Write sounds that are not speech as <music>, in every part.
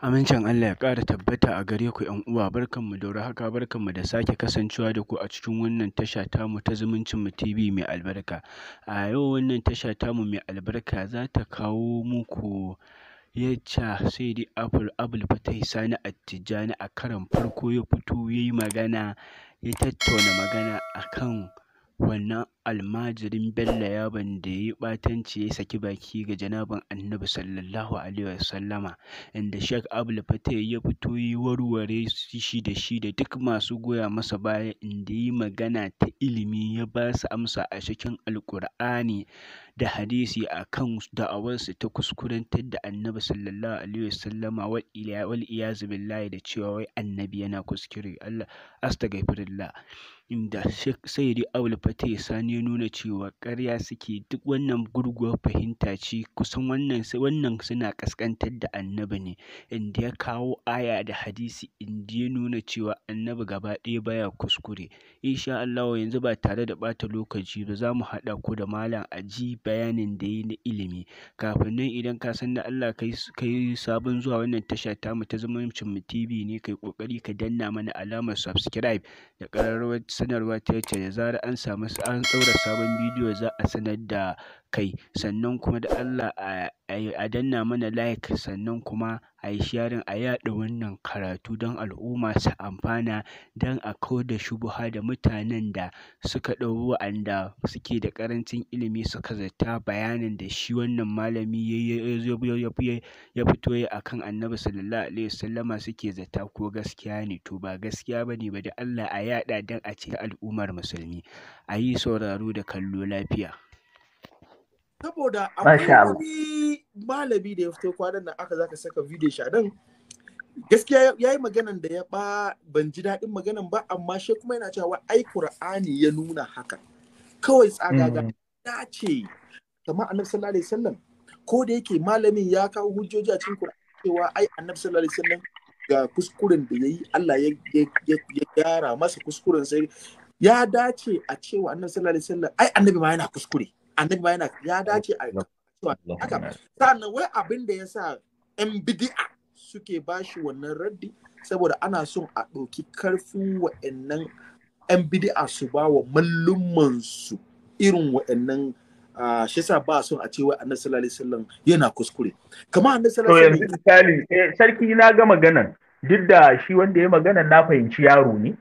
Amincin Allah ya ƙara tabbata a gare ku ‘yan uwa, "Barkan mu da haka mu da sake kasancewa da ku a cikin wannan tasha tamu ta zumuncin mu TV mai albarka. A yau wannan tasha tamu mai albarka za ta kawo muku yacca sai dai Apple Abul Fatai Sani Attijani a karon farko ya fito ya yi magana ya tattauna magana akan wannan almajirin Bello ban da ya yi ɓatanci ya saki baki ga janabar Annabi Sallallahu Alaihi Wasallama inda shek abul Fattah ya fito ya warware shi da shi da duk masu goya masa baya inda ya yi magana ta ilimi ya ba su amsa a cikin al'kur'ani da hadisi a kan da'awarsu ta kuskurantar da Annabi Sallallahu Alaihi Wasallama wal iyazu billahi da cewa wai Annabi yana kuskure astagfirullah inda Sheikh Said Abul Fatih Sani ya nuna cewa ƙarya suke duk wannan gurguwar fahimta ce kusan wannan wannan suna ƙasƙantar da annabi ne inda ya kawo aya da hadisi inda ya nuna cewa annabi gaba ɗaya baya kuskure insha Allah yanzu ba tare da bata lokaci ba za mu haɗa ku da malam aji bayanin da yi na ilimi kafin nan idan ka san da Allah kai kai sabon zuwa wannan tasha tamu ta zumuncin mu TV ne kai kokari ka danna mana alamar subscribe da ƙararrawar sanarwa ta ce da zarar an samu an ɗaura sabon bidiyo za a sanar da kai sannan kuma da Allah a danna mana like sannan kuma a yi sharing a yaɗa wannan karatu don al'umma su amfana don a kau da shubuha da mutanen da suka ɗau wa'anda suke da ƙarancin ilimi suka zata bayanin da shi wannan malami ya fito yi a kan annabi sallallahu alaihi wasallama suke zata ko gaskiya ne to ba gaskiya ba ne ba da Allah a yaɗa don a ce al'ummar musulmi a yi sauraro da kallo lafiya. saboda akwai malami da ya fito kwanan nan aka zaka saka video shi a nan gaskiya ya yi maganan da ya ba ban ji daɗin maganan ba amma shi kuma yana cewa ai qur'ani ya nuna haka kawai tsagaga hmm. ya ce kamar annabi sallallahu alaihi wasallam ko da yake malamin ya kawo hujjoji a cikin qur'ani cewa ai annabi sallallahu alaihi wasallam ga kuskuren da yayi Allah ya gyara masa kuskuren sai ya dace a cewa annabi sallallahu alaihi wasallam ai annabi ma yana kuskure annabi yana ya dace a haka sannan wai abin da ya sa yan bidi'a suke bashi wannan raddi saboda ana son a ɗauki karfin wa'annan yan bidi'a su ba wa mallumansu irin wa'annan shi sa ba son a ce wai annabi sallallahu alaihi wasallam yana kuskure kamar annabi sallallahu alaihi wasallam misali eh, sarki na ga maganan duk da shi wanda ya magana na fahimci yaro ne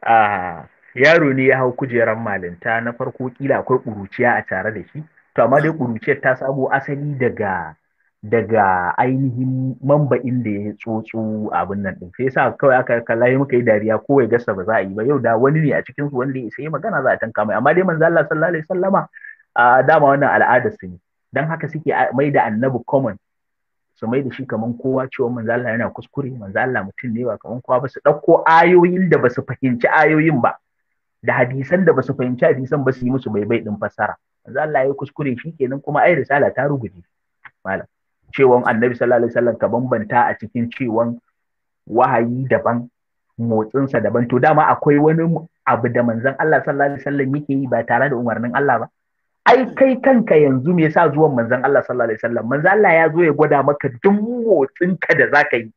a ah, yaro ne ya hau kujerar malinta na farko kila akwai ƙuruciya a tare da shi to amma dai ƙuruciyar ta samo asali daga daga ainihin mamba'in da ya tsotso abin nan din sai yasa kawai aka kalla yi muka yi dariya kowai gasa ba za a yi ba yau da wani ne a cikin su wanda ya sai magana za a tanka mai amma dai manzo Allah sallallahu alaihi wasallama a dama wannan al'ada su ne dan haka suke mai da annabi common su mai da shi kaman kowa cewa manzo Allah yana kuskure manzo Allah mutum ne ba kaman kowa ba su dauko ayoyin da ba su fahimci ayoyin ba da hadisan da basu fahimci hadisan ba su yi musu baibai din fassara manzo Allah ya kuskure shi kenan kuma ai risala ta ruguje malam cewan annabi sallallahu alaihi wasallam ka bambanta a cikin cewan wahayi daban motsinsa daban to dama akwai wani abu da manzon Allah sallallahu alaihi wasallam yake yi ba tare da umarnin Allah ba ai kai kanka yanzu me yasa zuwan manzon Allah sallallahu alaihi wasallam manzon Allah ya zo ya gwada maka duk motsinka da zaka yi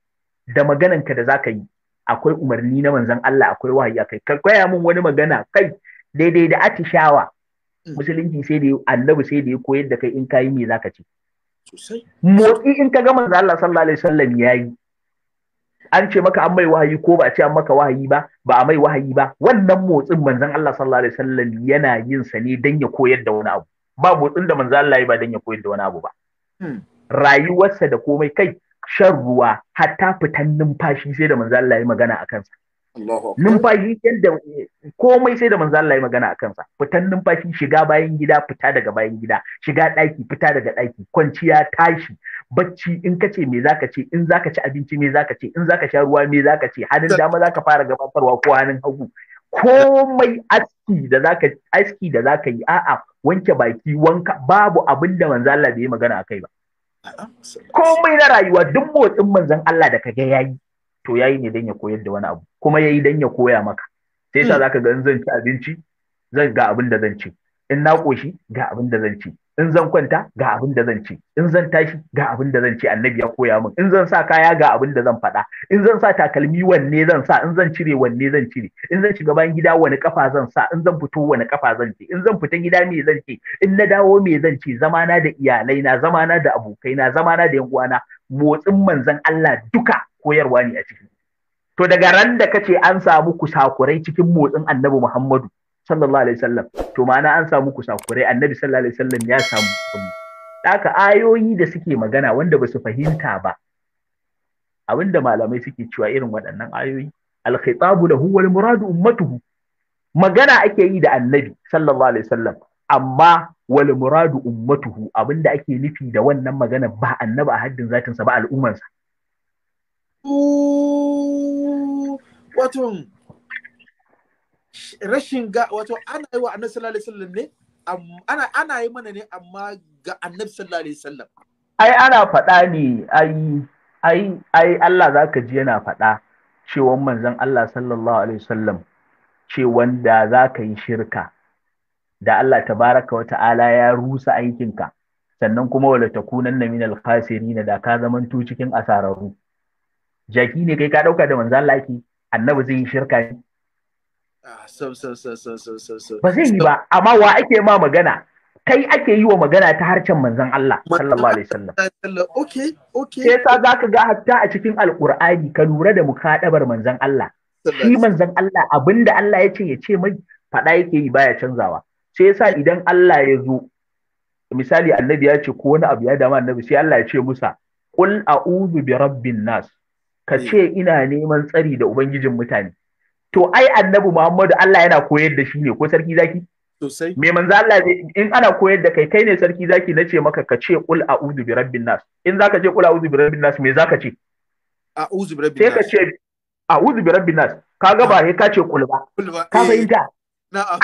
da maganarka da zaka yi akwai umarni na manzan Allah akwai wahayi akai ka koya min wani magana kai daidai da atishawa mm. musulunci sai da annabi sai da ya koyar da kai in kayi me zaka ci motsi in ka ga manzan Allah sallallahu alaihi wasallam yayi an ce maka an mai wahayi ko ba a ce an maka wahayi ba ba a mai wahayi ba wannan motsin manzan Allah sallallahu alaihi wasallam yana yin sa ne dan ya koyar da wani abu ba motsin da manzan Allah ya ba dan ya koyar da wani abu ba mm. rayuwarsa da komai kai shan ruwa hatta fitan numfashi sai da manzo Allah ya magana a kansa numfashi yadda komai sai da manzo Allah ya magana a kansa fitan numfashi shiga bayan gida fita daga bayan gida shiga ɗaki fita daga ɗaki kwanciya tashi bacci in ka ce me zaka ce in zaka ci abinci me zaka ce in zaka sha ruwa me zaka ce hannun dama zaka fara gabatarwa ko hannun hagu komai aski da zaka aski yi a'a wanke baki wanka babu abin da manzo Allah bai magana akai ba komai na rayuwa duk motsin manzon Allah da kage yayi to yayi ne dan ya koyar da wani abu kuma yayi dan ya koya maka sai yasa hmm. zaka ga in zan ci abinci zan ga abin da zan ci in na koshi ga abin da zan ci in zan kwanta ga abin da zan ci in zan tashi ga abin da zan ci annabi ya koya min in zan sa kaya ga abin da zan faɗa in zan sa takalmi wanne zan sa in zan cire wanne zan cire in zan shiga bayan gida wani kafa zan sa in zan fito wani kafa zan ci in zan fita gida me zan ci in na dawo me zan ci zamana da iyalai na zamana da abokai na zamana da yan uwana motsin manzon Allah duka koyarwa ne a ciki to daga ran da kace an samu kusakurai cikin motsin annabi Muhammadu sallallahu alaihi wasallam to ma'ana an samu kusakurai annabi sallallahu alaihi wasallam ya samu Ɗaka haka ayoyi da suke magana wanda ba su fahimta ba abinda malamai suke cewa irin waɗannan ayoyi al-khitabu lahu wal muradu ummatuhu magana ake yi da annabi sallallahu alaihi wasallam amma wal muradu ummatuhu abinda ake nufi da wannan magana ba annabi a haddin zatinsa ba al'ummarsa wato rashin ga wato ana yi wa annabi sallallahu alaihi wasallam ne ana ana yi mana ne amma ga annabi sallallahu alaihi wasallam ai ana faɗa ne ai ai ai Allah zaka ji yana faɗa cewa manzon Allah sallallahu alaihi wasallam ce wanda zaka yi shirka da Allah tabaraka wa ta'ala ya rusa aikinka sannan kuma wala takunanna al khasirin da ka tu cikin asararu jaki ne kai ka dauka da manzon Allah ki annabi zai yi shirka ne Ah, ba zai yi ba amma wa ake ma magana kai ake yi wa magana ta harshen manzan Allah sallallahu alaihi wasallam okay okay sai sa ka ga hatta a cikin alkur'ani ka lura da mukadabar manzan Allah shi manzan Allah abin da Allah ya ce ya ce mai faɗa yake yi baya canzawa sai sa idan Allah ya zo misali annabi ya ce ko wani abu ya dama annabi sai Allah ya ce Musa 'Kul a'udhu bi rabbin nas ka hmm. ce ina neman tsari da ubangijin mutane to ai annabi Muhammadu Allah yana koyar da shi ne ko sarki zaki sosai me manzo Allah in ana koyar da kai kai ne sarki zaki nace maka ka ce qul a'udhu bi rabbin nas in zaka ce qul a'udhu bi rabbin nas me zaka ce a'udhu bi rabbin nas sai ka ce a'udhu bi rabbin nas kaga ba ah. sai ka ce qul ba ka eh. fahimta na'am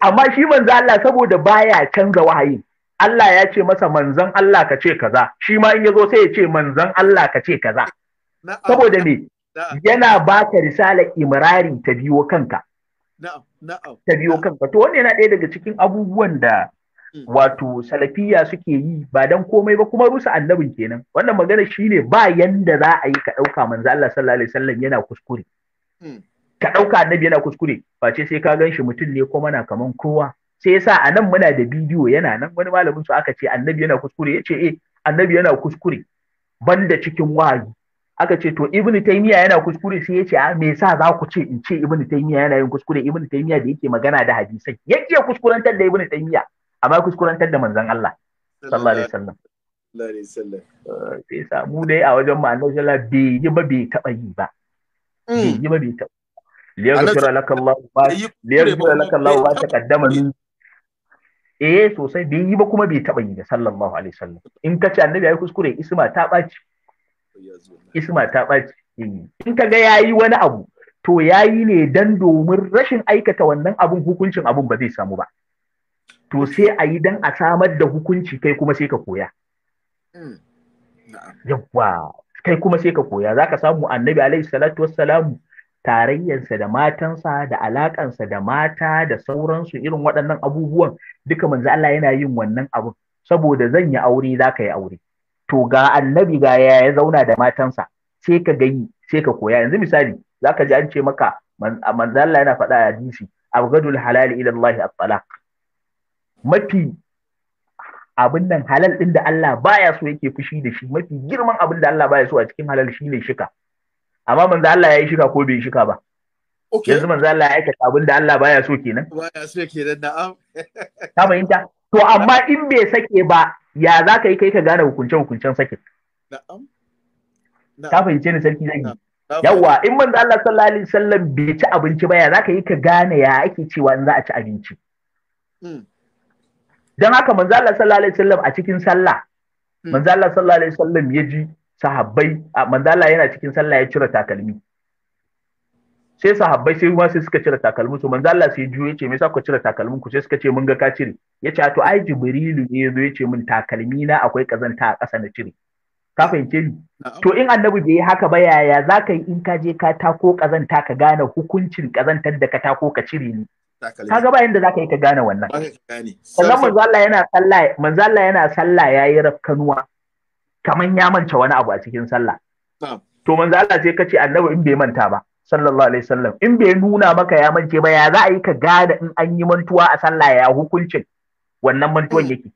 amma shi manzo Allah saboda baya canza wahayi Allah ya ce masa manzon Allah ka ce kaza shi ma in yazo sai ya ce manzon Allah ka ce kaza saboda me yana baka risala imrari ta biyo kanka ta biyo kanka to wannan yana ɗaya daga cikin abubuwan da mm. wato salafiya suke yi ba dan komai ba kuma rusa annabin kenan wannan magana shine ba yanda za a yi ka ɗauka manzo Allah sallallahu alaihi wasallam yana kuskure mm. ka ɗauka annabi yana kuskure face sai ka gan shi mutum ne kuma na kaman kowa sai yasa a nan muna da bidiyo yana nan wani malamin su aka ce annabi yana kuskure ya ce eh annabi yana kuskure banda cikin wahayi aka ce to ibnu taymiya yana kuskure sai yace a ah, me yasa za ku ce in ce ibnu taymiya yana yin kuskure ibnu taymiya da yake magana da hadisai ya iya kuskurantar da ibnu taymiya amma kuskurantar da manzon Allah sallallahu alaihi wasallam sallallahu alaihi wasallam sai mu dai a wajen mu annabi sallallahu bai yi ba bai taba yi ba hmm. bai yi ba bai taba liyaghfira laka Allah ba liyaghfira laka Allah ba taqaddama min eh sosai bai yi ba kuma bai taba yi da sallallahu alaihi wasallam in kace annabi ya kuskure isma ta baci isma ta ɓaci in ka ga ya yi wani abu to ya yi ne don domin rashin aikata wannan abun hukuncin abun ba zai samu ba to sai a yi don a samar da hukunci kai kuma sai ka koya mm. yawwa kai kuma sai ka koya Za ka samu annabi alaihi salatu wassalamu tarayyansa da matansa da alakansa da mata da sauransu irin waɗannan abubuwan duka manzo Allah yana yin wannan abun saboda zan yi aure za ka yi aure to ga annabi ga ya ya zauna da matansa sai ka gani sai ka koya yanzu misali zaka ji an ce maka manzo Allah yana faɗa a hadisi abgadul halal ila Allah at-talaq mafi abin nan halal din da Allah baya so yake fushi da shi mafi girman abin da Allah baya so a cikin halal shine shika amma manzo Allah ya yi shika ko bai shika ba Okay. Yanzu manzo Allah ya aika abin da Allah baya so kenan. Baya so kenan na'am. <laughs> Ka fahimta? To amma in bai sake ba ya za ka yi kai ka gane hukunce hukuncen sakin Ta fahimce ni sarki yi. yawa in manzo Allah sallallahu alaihi wasallam bai ci abinci ba ya za ka yi ka gane ya ake cewa in za a ci abinci hmm. dan haka manzo Allah sallallahu alaihi wasallam a cikin sallah hmm. manzo Allah sallallahu alaihi wasallam ya ji sahabbai manzo Allah yana cikin sallah ya cire takalmi sai sahabbai sai ruwa sai suka cire takalmin su manzo Allah sai juyo yace me yasa ku cire takalmin ku sai suka ce mun ga ka cire yace to ai jibrilu ne yazo yace min takalmi na akwai kazanta a ƙasa na cire ka fahimce ni to in annabi bai yi haka ba yaya zaka yi in ka je ka tako kazanta ka gane hukuncin kazantar da ka tako ka cire ni Ka ga ba yanda zaka yi ka gane wannan sannan manzo Allah yana sallah manzo Allah yana sallah yayi rafkanuwa kaman ya manta wani abu a cikin sallah to manzo Allah sai ka ce annabi in bai manta ba sallallahu alaihi wasallam in bai nuna maka ya mance ba ya za a yi ka gane in an yi mantuwa a sallah ya hukuncin wannan mantuwan mm. yake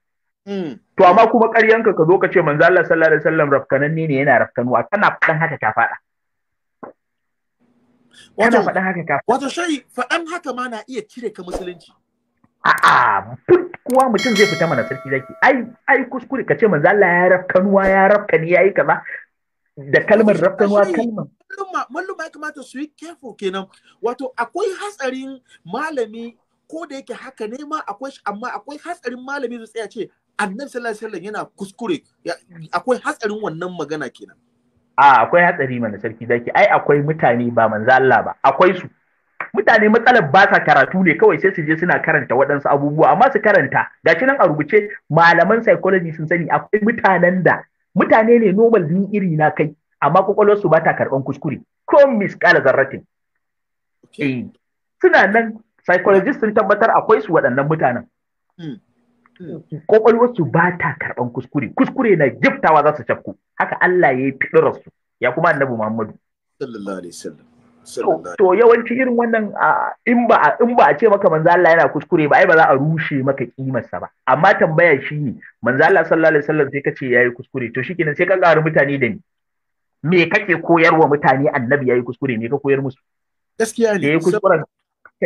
mm. to amma kuma ƙaryanka ka zo ka ce manzo Allah sallallahu alaihi wasallam rafkananne ne yana rafkanuwa kana fadan haka ka faɗa wato fadan haka ka wato shai faɗan haka ma na iya cire ka musulunci a'a kuwa mutum zai fita mana sarki zaki ai ai kuskure ka ce manzo Allah ya rafkanuwa ya rafkani yayi kaza da kalmar rafkanuwa kalmar kamata su yi kefo kenan wato akwai hatsarin malami ko da yake haka ne ma akwai amma akwai hatsarin malami su tsaya ce annabi sallallahu alaihi yana kuskure akwai hatsarin wannan magana kenan a akwai hatsari mana sarki zaki ai akwai mutane ba manzo Allah ba akwai su mutane matsalar ba sa karatu ne kawai sai su je suna karanta waɗansu abubuwa amma su karanta Ga shi nan a rubuce malaman psychology sun sani akwai mutanen da mutane ne normal din iri na kai amma kwakwalwarsu ba ta karɓan kuskure ko miskala zarratin eh, suna nan psychologist sun tabbatar akwai su waɗannan mutanen kwakwalwarsu hmm. hmm. ba ta karɓan kuskure kuskure na giftawa za su cafku haka Allah ya yi fiɗirarsu ya kuma annabi Muhammadu sallallahu alaihi to yawanci irin wannan in ba a ce maka manzo Allah yana kuskure ba ai ba za a rushe maka ƙimarsa ba amma tambaya shi ne manzo Allah sallallahu alaihi wasallam sai ka ce ya yi kuskure to shi shikenan sai ka ƙara mutane da ni me kake wa mutane annabi ya yi kuskure me ka koyar musu gaskiya ne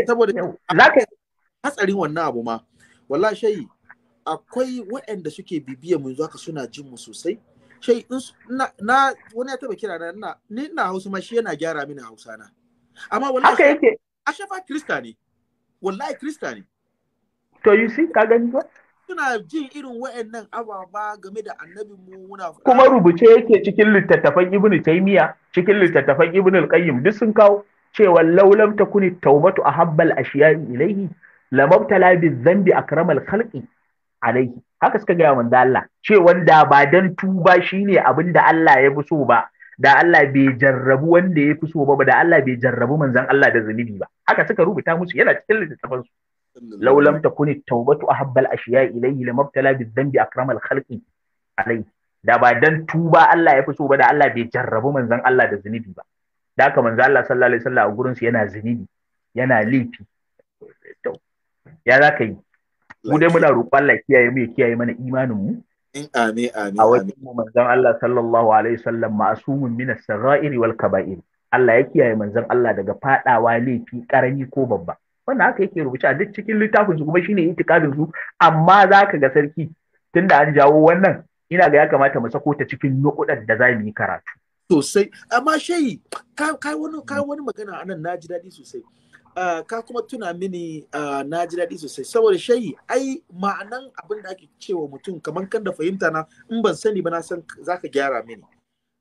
saboda zaka hatsarin wannan abu ma wallahi shayi akwai waɗanda suke bibiya mu haka suna jin mu sosai shai na wani ya taba kira na ni na Hausa ma shi yana gyara mini Hausa na amma wallahi haka yake ashafa krista ne wallahi krista ne to you see ka gani ba suna jin irin wa'annan ababa game da annabin mu muna kuma rubuce yake cikin littattafan ibnu taymiya cikin littattafan ibnu al duk sun kawo cewa laulam kuni taubatu ahabbal ashiya'i ilayhi lamabtala bizambi akramal khalqi alayhi haka suka gaya manzo Allah cewa da ba dan tuba shine abin da Allah ya fi so ba da Allah bai jarrabu wanda ya fi so ba da Allah bai jarrabu manzon Allah da zunubi ba haka suka rubuta musu yana cikin littattafan su لو لم تكن التوبة أحب الأشياء إليه لما ابتلى بالذنب أكرم الخلق عليه da ba dan tuba Allah ya fi so ba da Allah bai jarrabu manzon Allah da zunubi ba da haka manzon Allah sallallahu alaihi wasallam a gurin su yana zunubi yana laifi ya za ka yi mu dai muna roƙon Allah kiyaye mu ya kiyaye mana imanin mu amin amin a wajen mu manzon Allah sallallahu alaihi wasallam ma'sumun min as-sara'ir wal kaba'ir Allah ya kiyaye manzon Allah daga fadawa laifi karami ko babba wannan haka yake rubuce a duk cikin littafin su kuma shine itikadin su amma zaka ga sarki tunda an jawo wannan ina ga ya kamata mu sako ta cikin nukudan da za mu yi karatu sosai amma shayi kai wani kai wani magana anan naji daɗi sosai ah, ka kuma tuna mini ah, na ji daɗi sosai saboda shayi ai ma'anan abin da ake cewa mutum kamar kan da fahimta na in ban sani ba na san zaka gyara mini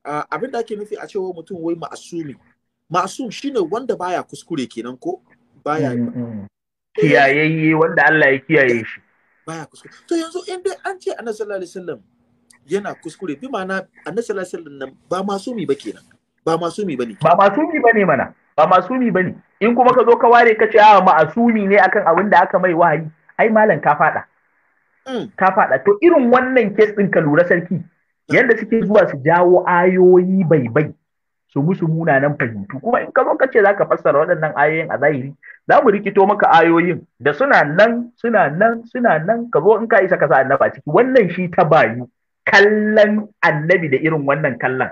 ah, abin da ake nufi a cewa mutum wai ma'asumi ma'asum shine wanda baya kuskure kenan ko baya mm, mm. kiyayayye wanda Allah ya kiyaye shi baya kuskure to yanzu in dai an ce annabi sallallahu alaihi wasallam yana kuskure bi ma'ana annabi sallallahu alaihi wasallam ba masumi ba kenan ba masumi bane ba masumi bane mana ba masumi bane in kuma ka zo ka ware ka ce a ma'asumi ne akan abin da aka mai wahayi ai malam ka fada mm. ka fada to irin wannan kes din ka lura sarki yanda suke zuwa su jawo ayoyi bai bai su musu munanan fahimtu kuma in ka zo ka ce zaka fassara waɗannan ayoyin a zahiri za mu rikito maka ayoyin da suna nan suna nan suna nan ka zo in ka isa ka sa annaba ciki wannan shi ta bayu kallon annabi da irin wannan kallon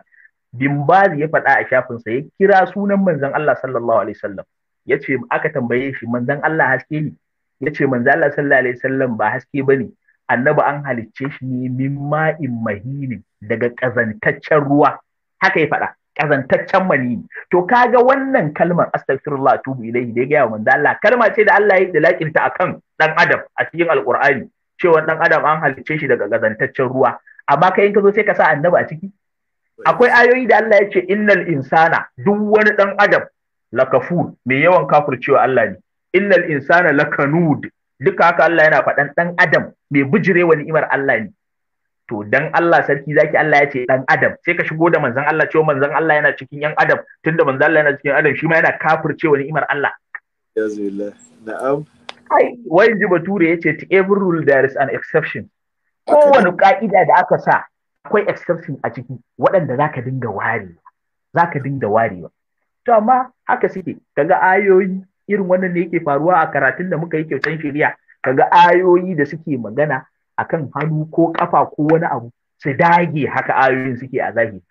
bimbazi ya faɗa a shafin sa ya kira sunan manzon Allah sallallahu alaihi wasallam ya ce aka tambaye shi manzon Allah haske ne ya ce manzon Allah sallallahu alaihi wasallam ba haske bane annabi an halicce shi ne min ma'in mahinin daga ƙazantaccen ruwa haka ya faɗa kazantaccen mani to kaga wannan kalmar astaghfirullah tubu ilaihi da ya gaya manzo Allah kalma ce da Allah ya yi ta akan dan adam a cikin alqur'ani cewa dan adam an halice shi daga kazantaccen ruwa amma kai in ka zo sai ka sa annabi a ciki akwai ayoyi da Allah ya ce innal insana duk wani dan adam lakafur mai yawan kafur cewa Allah ne innal insana lakanud duka haka Allah yana faɗan dan adam mai bijirewa ni'imar Allah ne to dan Allah sarki zaki Allah ya ce dan adam sai ka shigo da manzon Allah cewa manzon Allah yana cikin yan adam tunda manzon Allah yana cikin adam shi ma yana kafircewa ni'imar Allah yazillah na'am ai wai ji bature yace to every rule there is an exception kowane ka'ida da aka sa akwai exception a ciki waɗanda zaka dinga warewa zaka dinga warewa to amma haka suke kaga ayoyi irin wannan ne yake faruwa a karatun da muka yi kyautan shari'a kaga ayoyi da suke magana akan hannu ko kafa ko wani abu su dage haka ayoyin suke a zahiri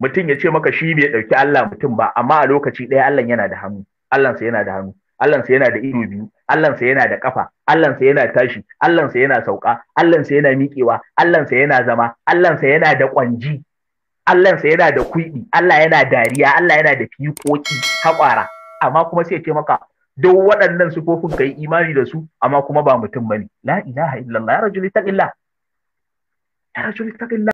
mutum ya ce maka shi bai ɗauki Allah mutum ba amma a lokaci ɗaya Allah yana da hannu sa yana da hannu sa yana da ido biyu sa yana da kafa sa yana tashi Allahnsa yana sauka sa yana miƙewa Allahnsa yana zama sa yana da ƙwanji sa yana da kuɗi Allah yana dariya Allah yana da fiƙoƙi haƙwara amma kuma sai ya ce maka duk waɗannan sufofin ka yi imani da su amma kuma ba mutum bane la ilaha illallah ya rajuli taqilla ya rajuli